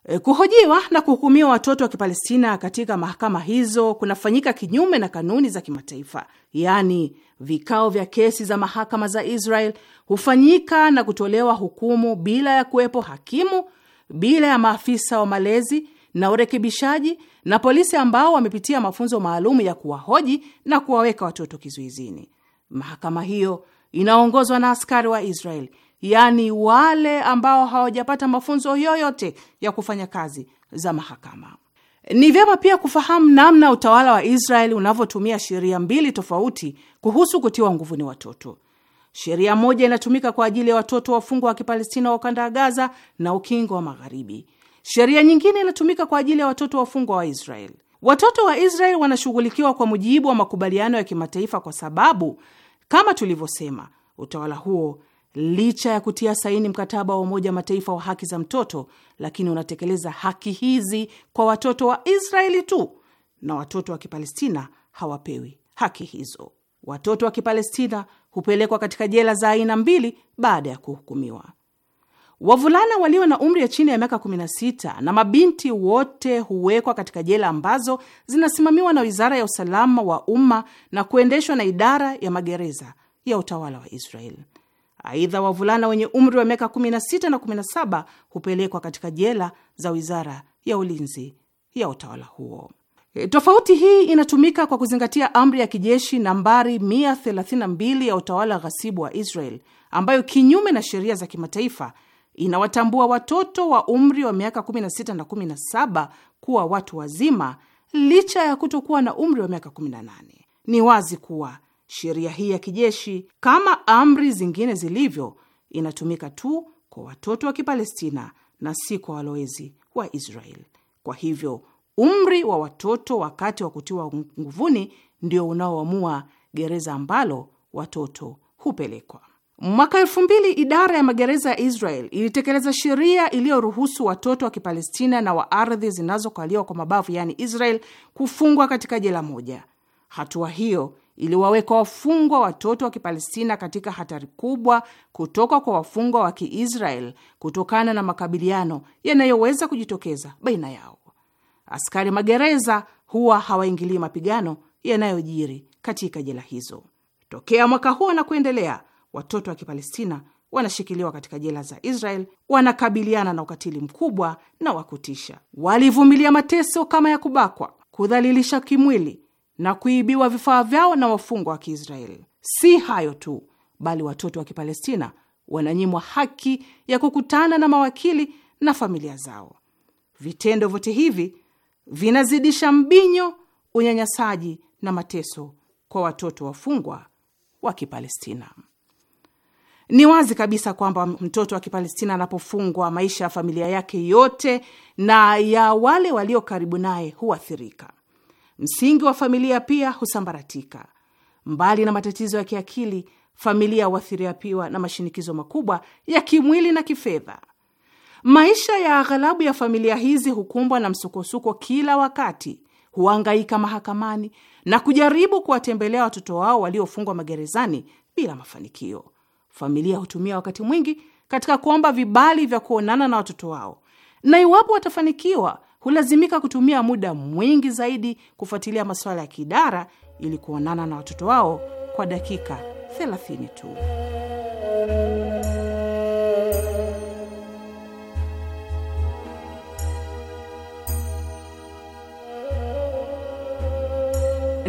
E, kuhojiwa na kuhukumiwa watoto wa Kipalestina katika mahakama hizo kunafanyika kinyume na kanuni za kimataifa, yaani vikao vya kesi za mahakama za Israel hufanyika na kutolewa hukumu bila ya kuwepo hakimu, bila ya maafisa wa malezi na urekebishaji na polisi ambao wamepitia mafunzo maalum ya kuwahoji na kuwaweka watoto kizuizini. Mahakama hiyo inaongozwa na askari wa Israel, yaani wale ambao hawajapata mafunzo yoyote ya kufanya kazi za mahakama. Ni vyema pia kufahamu namna utawala wa Israel unavyotumia sheria mbili tofauti kuhusu kutiwa nguvuni watoto. Sheria moja inatumika kwa ajili ya watoto wafungwa wa Kipalestina wa ukanda wa Gaza na ukingo wa Magharibi, Sheria nyingine inatumika kwa ajili ya watoto wafungwa wa Israel. Watoto wa Israel wanashughulikiwa kwa mujibu wa makubaliano ya kimataifa, kwa sababu kama tulivyosema, utawala huo licha ya kutia saini mkataba wa Umoja Mataifa wa haki za mtoto, lakini unatekeleza haki hizi kwa watoto wa Israeli tu, na watoto wa Kipalestina hawapewi haki hizo. Watoto wa Kipalestina hupelekwa katika jela za aina mbili baada ya kuhukumiwa. Wavulana walio na umri ya chini ya miaka 16 na mabinti wote huwekwa katika jela ambazo zinasimamiwa na Wizara ya Usalama wa Umma na kuendeshwa na idara ya magereza ya utawala wa israel Aidha, wavulana wenye umri wa miaka 16 na 17 hupelekwa katika jela za Wizara ya Ulinzi ya utawala huo. E, tofauti hii inatumika kwa kuzingatia amri ya kijeshi nambari 132 ya utawala ghasibu wa Israel ambayo kinyume na sheria za kimataifa inawatambua watoto wa umri wa miaka 16 na 17 kuwa watu wazima licha ya kutokuwa na umri wa miaka 18. Ni wazi kuwa sheria hii ya kijeshi, kama amri zingine zilivyo, inatumika tu kwa watoto wa Kipalestina na si kwa walowezi wa israel Kwa hivyo umri wa watoto wakati wa kutiwa nguvuni ndio unaoamua gereza ambalo watoto hupelekwa. Mwaka elfu mbili idara ya magereza ya Israel ilitekeleza sheria iliyoruhusu watoto wa Kipalestina na wa ardhi zinazokaliwa kwa mabavu yaani Israel kufungwa katika jela moja. Hatua hiyo iliwaweka wafungwa watoto wa Kipalestina katika hatari kubwa kutoka kwa wafungwa wa Kiisrael kutokana na makabiliano yanayoweza kujitokeza baina yao. Askari magereza huwa hawaingilii mapigano yanayojiri katika jela hizo. Tokea mwaka huo na kuendelea watoto wa Kipalestina wanashikiliwa katika jela za Israel wanakabiliana na ukatili mkubwa na wa kutisha. Walivumilia mateso kama ya kubakwa, kudhalilisha kimwili na kuibiwa vifaa vyao na wafungwa wa Kiisraeli. Si hayo tu, bali watoto wa Kipalestina wananyimwa haki ya kukutana na mawakili na familia zao. Vitendo vyote hivi vinazidisha mbinyo, unyanyasaji na mateso kwa watoto wafungwa wa Kipalestina. Ni wazi kabisa kwamba mtoto wa Kipalestina anapofungwa, maisha ya familia yake yote na ya wale walio karibu naye huathirika. Msingi wa familia pia husambaratika. Mbali na matatizo ya kiakili, familia huathiriwa na mashinikizo makubwa ya kimwili na kifedha. Maisha ya aghalabu ya familia hizi hukumbwa na msukosuko kila wakati, huangaika mahakamani na kujaribu kuwatembelea watoto wao waliofungwa magerezani bila mafanikio. Familia hutumia wakati mwingi katika kuomba vibali vya kuonana na watoto wao, na iwapo watafanikiwa, hulazimika kutumia muda mwingi zaidi kufuatilia masuala ya kiidara ili kuonana na watoto wao kwa dakika 30 tu.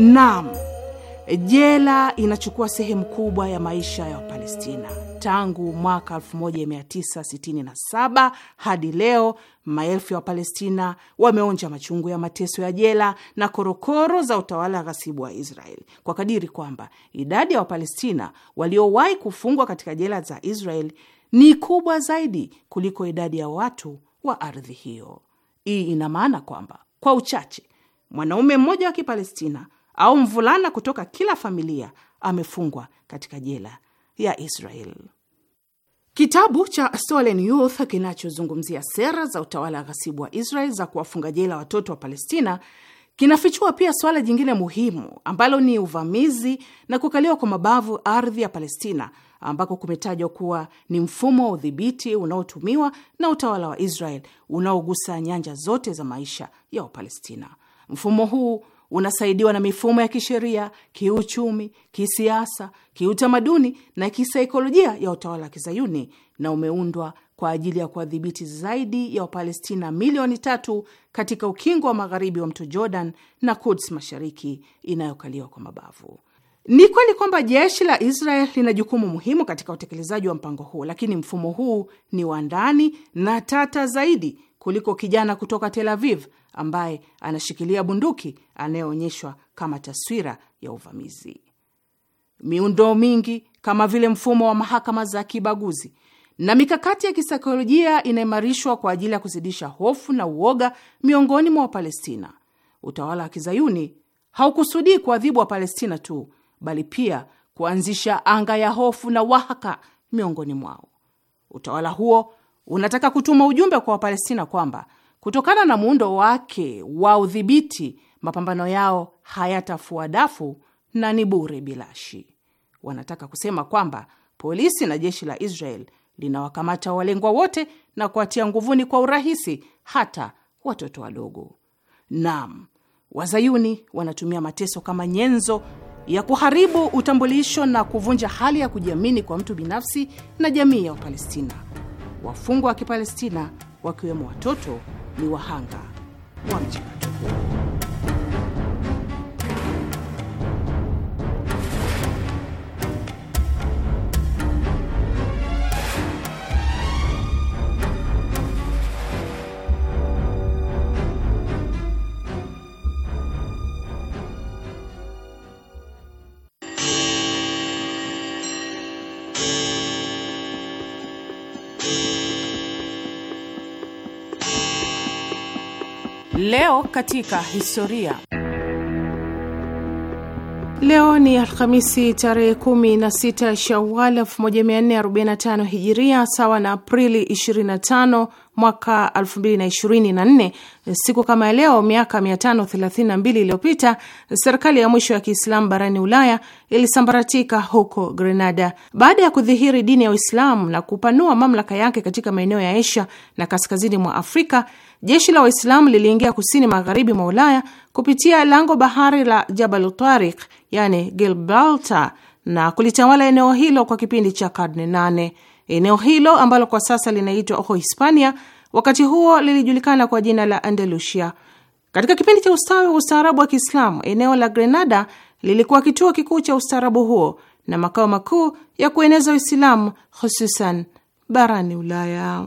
Naam. Jela inachukua sehemu kubwa ya maisha ya Wapalestina tangu mwaka 1967 hadi leo. Maelfu ya Wapalestina wameonja machungu ya mateso ya jela na korokoro za utawala ghasibu wa Israeli kwa kadiri kwamba idadi ya Wapalestina waliowahi kufungwa katika jela za Israeli ni kubwa zaidi kuliko idadi ya watu wa ardhi hiyo. Hii ina maana kwamba kwa uchache mwanaume mmoja wa Kipalestina au mvulana kutoka kila familia amefungwa katika jela ya Israel. Kitabu cha Stolen Youth kinachozungumzia sera za utawala ghasibu wa Israel za kuwafunga jela watoto wa Palestina kinafichua pia suala jingine muhimu ambalo ni uvamizi na kukaliwa kwa mabavu ardhi ya Palestina, ambako kumetajwa kuwa ni mfumo wa udhibiti unaotumiwa na utawala wa Israel unaogusa nyanja zote za maisha ya Wapalestina. Mfumo huu unasaidiwa na mifumo ya kisheria, kiuchumi, kisiasa, kiutamaduni na kisaikolojia ya utawala wa Kizayuni, na umeundwa kwa ajili ya kuwadhibiti zaidi ya Wapalestina milioni tatu katika ukingo wa magharibi wa mto Jordan na Kuds mashariki inayokaliwa kwa mabavu. Ni kweli kwamba jeshi la Israel lina jukumu muhimu katika utekelezaji wa mpango huu, lakini mfumo huu ni wa ndani na tata zaidi kuliko kijana kutoka Tel Aviv ambaye anashikilia bunduki anayeonyeshwa kama taswira ya uvamizi. Miundo mingi kama vile mfumo wa mahakama za kibaguzi na mikakati ya kisaikolojia inaimarishwa kwa ajili ya kuzidisha hofu na uoga miongoni mwa Wapalestina. Utawala wa kizayuni haukusudii kuadhibu Wapalestina tu, bali pia kuanzisha anga ya hofu na wahaka miongoni mwao. Utawala huo unataka kutuma ujumbe kwa Wapalestina kwamba kutokana na muundo wake wa udhibiti, mapambano yao hayatafua dafu na ni bure bilashi. Wanataka kusema kwamba polisi na jeshi la Israel linawakamata walengwa wote na kuwatia nguvuni kwa urahisi, hata watoto wadogo. Naam, wazayuni wanatumia mateso kama nyenzo ya kuharibu utambulisho na kuvunja hali ya kujiamini kwa mtu binafsi na jamii ya Wapalestina. Wafungwa wa Kipalestina wakiwemo watoto ni wahanga wa mchakato huo. Leo katika historia. Leo ni Alhamisi tarehe 16 Shawal 1445 Hijiria, sawa na Aprili 25 mwaka 2024, siku kama leo miaka 532 iliyopita, serikali ya mwisho ya Kiislamu barani Ulaya ilisambaratika huko Grenada baada ya kudhihiri dini ya Uislamu na kupanua mamlaka yake katika maeneo ya Asia na kaskazini mwa Afrika. Jeshi la Waislamu liliingia kusini magharibi mwa Ulaya kupitia lango bahari la Jabal Tariq, yani Gibraltar, na kulitawala eneo hilo kwa kipindi cha karne nane. Eneo hilo ambalo kwa sasa linaitwa hispania wakati huo lilijulikana kwa jina la Andalusia. Katika kipindi cha ustawi wa ustaarabu wa Kiislamu, eneo la Grenada lilikuwa kituo kikuu cha ustaarabu huo na makao makuu ya kueneza Uislamu hususan barani Ulaya.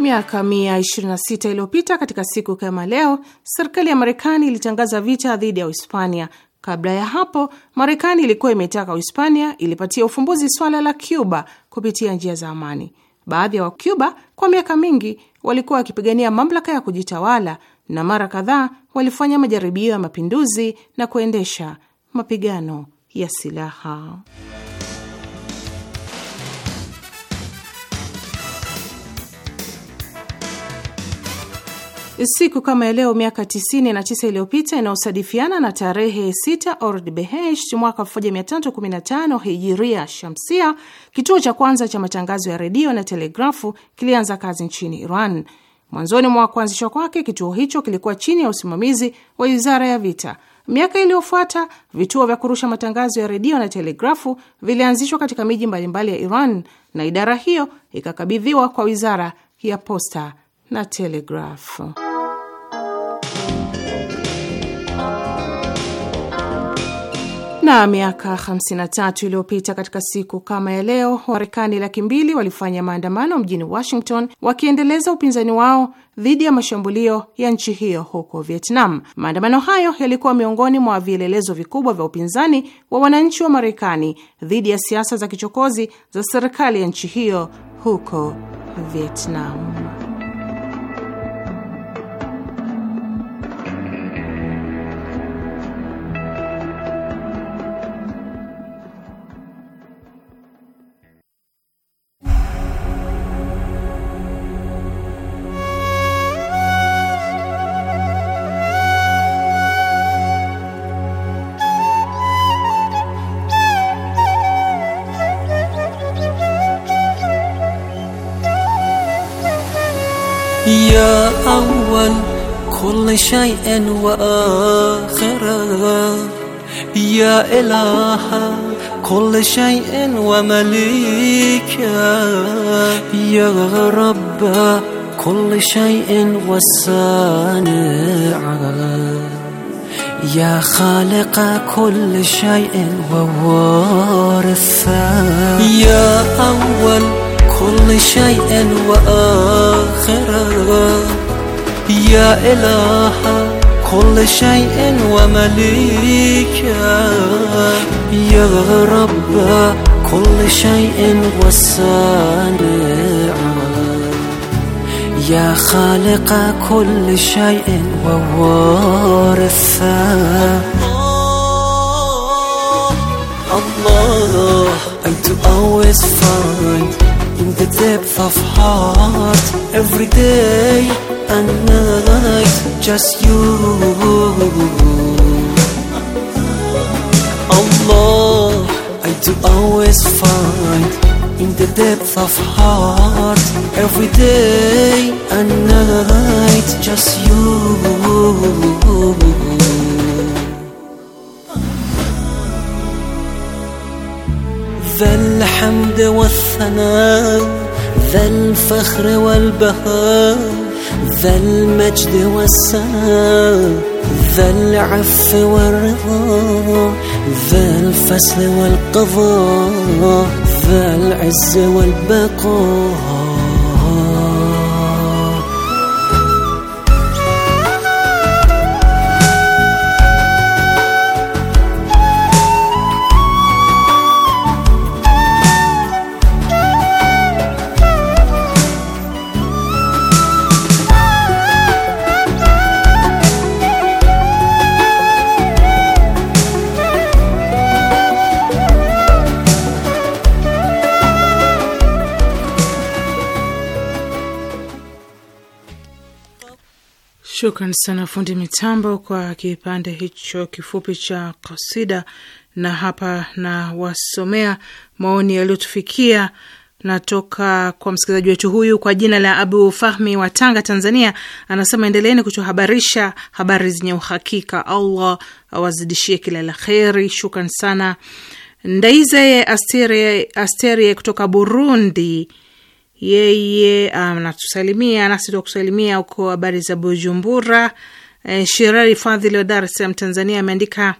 Miaka 126 iliyopita katika siku kama leo, serikali ya Marekani ilitangaza vita dhidi ya Uhispania. Kabla ya hapo, Marekani ilikuwa imetaka Uhispania ilipatia ufumbuzi swala la Cuba kupitia njia za amani. Baadhi ya Wacuba kwa miaka mingi walikuwa wakipigania mamlaka ya kujitawala na mara kadhaa walifanya majaribio ya mapinduzi na kuendesha mapigano ya silaha. Siku kama ya leo miaka 99 iliyopita inayosadifiana na tarehe 6 Ordibehesht mwaka 1315 hijiria shamsia, kituo cha kwanza cha matangazo ya redio na telegrafu kilianza kazi nchini Iran. Mwanzoni mwa kuanzishwa kwake, kituo hicho kilikuwa chini ya usimamizi wa wizara ya vita. Miaka iliyofuata vituo vya kurusha matangazo ya redio na telegrafu vilianzishwa katika miji mbalimbali ya Iran na idara hiyo ikakabidhiwa kwa wizara ya posta na telegrafu. Na miaka 53 iliyopita katika siku kama ya leo, marekani laki mbili walifanya maandamano mjini Washington wakiendeleza upinzani wao dhidi ya mashambulio ya nchi hiyo huko Vietnam. Maandamano hayo yalikuwa miongoni mwa vielelezo vikubwa vya upinzani wa wananchi wa Marekani dhidi ya siasa za kichokozi za serikali ya nchi hiyo huko Vietnam. كل شيء وآخره يا إله كل شيء ومليكه يا رب كل شيء وصانعه يا خالق كل شيء ووارثه يا أول كل شيء وآخره يا إله كل شيء ومليك يا رب كل شيء وصانع يا خالق كل شيء ووارثه آه، الله and always find in the depth of heart every day and us, just you Allah, I do always find in the depth of heart Every day and night, just you ذا الحمد والثناء ذا الفخر والبهاء ذا المجد والسلام ذا العف والرضا ذا الفصل والقضاء ذا العز والبقاء Shukran sana fundi mitambo kwa kipande hicho kifupi cha kasida, na hapa na wasomea maoni yaliyotufikia natoka kwa msikilizaji wetu huyu kwa jina la Abu Fahmi wa Tanga, Tanzania. Anasema, endeleeni kutuhabarisha habari zenye uhakika. Allah awazidishie kila la kheri. Shukran sana. ndaizeye Asterie, Asterie kutoka Burundi yeye anatusalimia um, nasi tukusalimia huko habari za Bujumbura. E, eh, Shirari Fadhili wa Dar es Salaam, Tanzania ameandika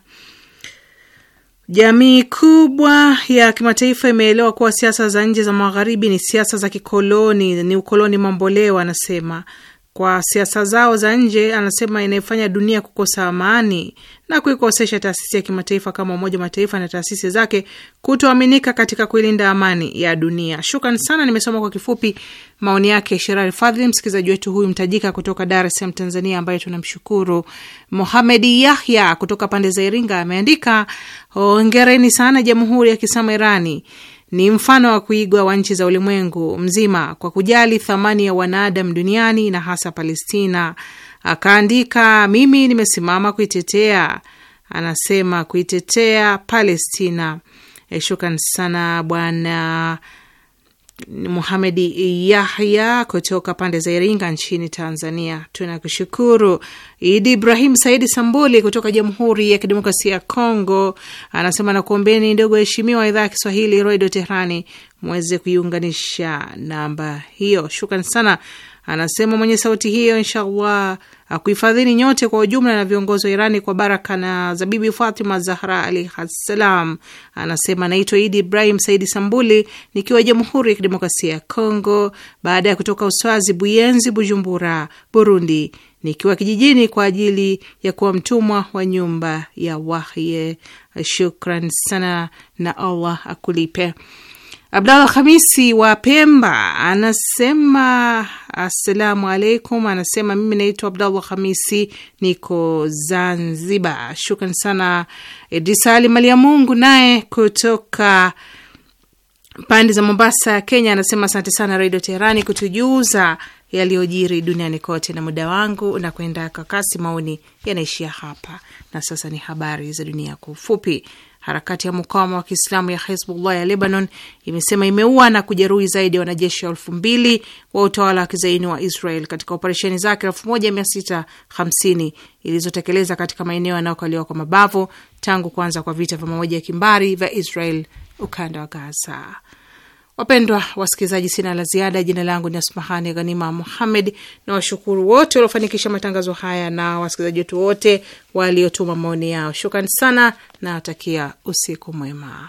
jamii kubwa ya kimataifa imeelewa kuwa siasa za nje za magharibi ni siasa za kikoloni, ni ukoloni mamboleo, anasema kwa siasa zao za nje, anasema inayofanya dunia kukosa amani na kuikosesha taasisi ya kimataifa kama Umoja wa Mataifa na taasisi zake kutoaminika katika kuilinda amani ya dunia. Shukran sana, nimesoma kwa kifupi maoni yake Sherari Fadhili, msikilizaji wetu huyu mtajika kutoka Dar es Salaam, Tanzania, ambaye tunamshukuru. Mohamed Yahya kutoka pande za Iringa ameandika hongereni sana Jamhuri ya Kiislamu Irani ni mfano wa kuigwa wa nchi za ulimwengu mzima kwa kujali thamani ya wanadamu duniani na hasa Palestina. Akaandika, mimi nimesimama kuitetea, anasema kuitetea Palestina. Eh, shukran sana bwana Muhamedi Yahya kutoka pande za Iringa nchini Tanzania. Tunakushukuru. Idi Ibrahim Saidi Sambuli kutoka Jamhuri ya Kidemokrasia ya Kongo anasema nakuombeni ndogo heshimiwa idhaa ya Kiswahili Redio Teherani mweze kuiunganisha namba hiyo. Shukran sana, anasema mwenye sauti hiyo, inshallah akuhifadhini nyote kwa ujumla na viongozi wa Irani kwa baraka na zabibi Fatima Zahra alaihassalam. Anasema naitwa Idi Ibrahim Saidi Sambuli nikiwa Jamhuri ya Kidemokrasia ya Kongo baada ya kutoka Uswazi Buyenzi, Bujumbura, Burundi, nikiwa kijijini kwa ajili ya kuwa mtumwa wa nyumba ya wahye. Shukran sana na Allah akulipe. Abdallah hamisi wa Pemba anasema assalamu alaikum. Anasema mimi naitwa Abdallah Hamisi, niko Zanzibar. Shukran sana Idrisa Ali mali ya Mungu, naye kutoka pande za Mombasa, Kenya, anasema asante sana Redio Teherani kutujuza yaliyojiri duniani kote. Na muda wangu unakwenda kwa kasi, maoni yanaishia hapa, na sasa ni habari za dunia kwa ufupi. Harakati ya mukawama wa Kiislamu ya Hezbullah ya Lebanon imesema imeua na kujeruhi zaidi ya wanajeshi elfu mbili wa utawala wa kizaini wa Israel katika operesheni zake 1650 ilizotekeleza katika maeneo yanayokaliwa kwa mabavu tangu kuanza kwa vita vya mauaji ya kimbari vya Israel ukanda wa Gaza. Wapendwa wasikilizaji, sina la ziada. Jina langu ni Asmahani Ghanima Muhammed, na washukuru wote waliofanikisha matangazo haya na wasikilizaji wetu wote waliotuma maoni yao. Shukrani sana na watakia usiku mwema.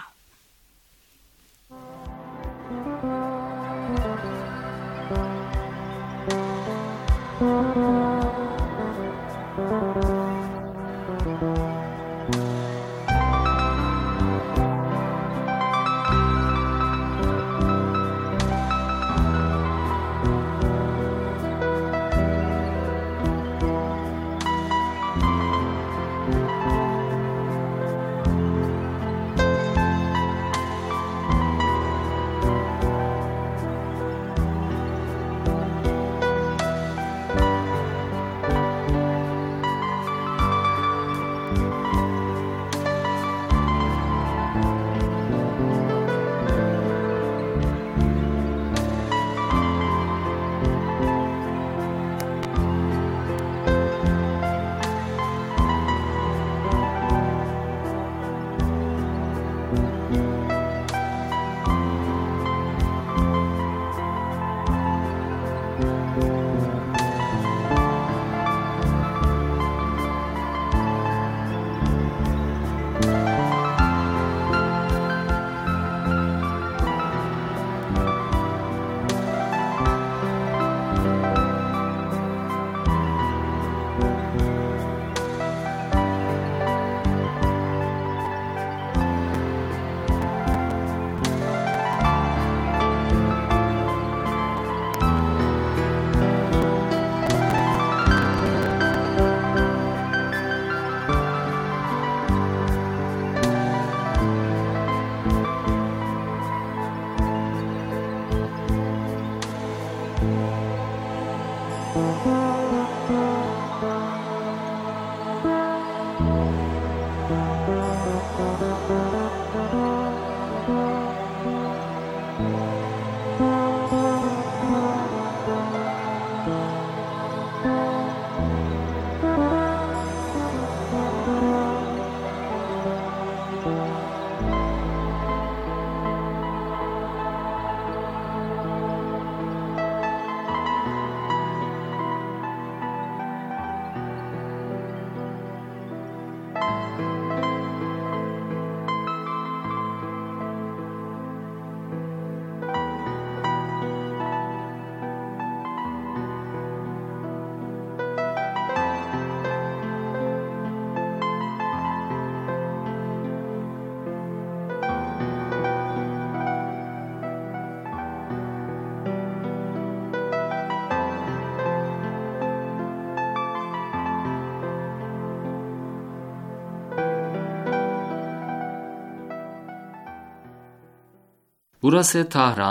burası Tahran,